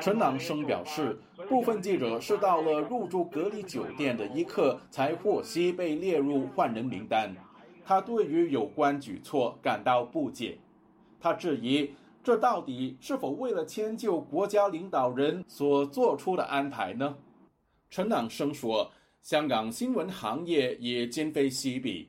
陳朗生表示，部分記者是到了入住隔離酒店的一刻，才獲悉被列入換人名單。他對於有關舉措感到不解，他質疑這到底是否為了遷就國家領導人所做出的安排呢？陳朗生說，香港新聞行業也今非昔比。